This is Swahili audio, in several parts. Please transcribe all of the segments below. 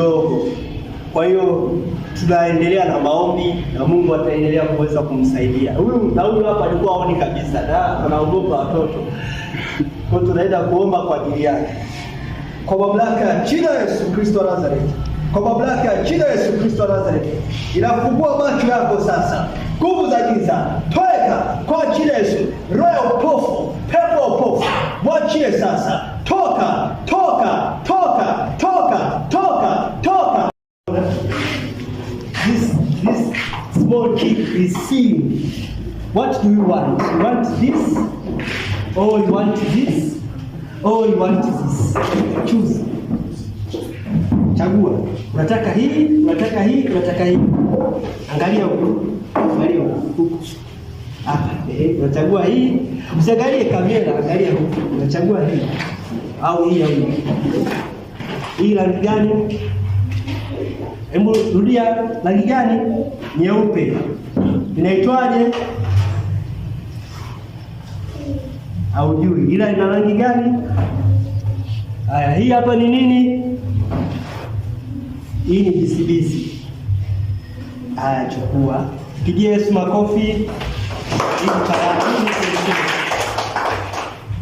dogo. Kwa hiyo tunaendelea na maombi na Mungu ataendelea kuweza kumsaidia huyu mtaulu. Hapa alikuwa aoni kabisa na anaogopa watoto, kwa tunaenda kuomba kwa ajili yake kwa mamlaka ya jina Yesu Kristo wa Nazareti, kwa mamlaka ya jina Yesu Kristo wa Nazareti, inafungua macho yako sasa, nguvu za giza toeka small kid is seeing. What do you want? You want this? Or oh, you want this? Or oh, you want this? Choose. Chagua. Unataka hii, unataka hii, unataka hii. Angalia huko. Angalia huko. Hapa, ah, eh, unachagua hii. Usiangalie kamera, angalia huko. Unachagua hii. Au hii au hii. Hii rangi gani? Hebu rudia, rangi gani? Nyeupe. Inaitwaje? Haujui, ila ina rangi gani? Haya, hii hapa ni nini? Hii ni bisibisi. Haya, chukua, pigie Yesu makofi. Hii ni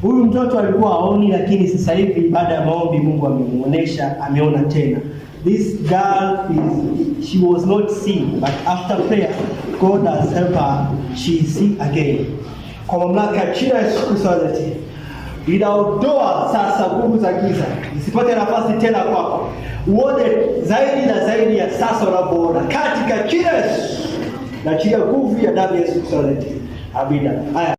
Huyu mtoto alikuwa aoni, lakini sasa hivi baada ya maombi Mungu amemuonesha, ameona tena. This girl is she was not seen but after prayer God has helped her, she is seen again. Kwa mamlaka ya chini ya Yesu Kristo zote inaondoa sasa nguvu za giza isipate nafasi tena kwako, uone zaidi na zaidi ya sasa unapoona katika jina la Yesu na chini ya nguvu ya damu ya Yesu Kristo zote. Amina. Haya.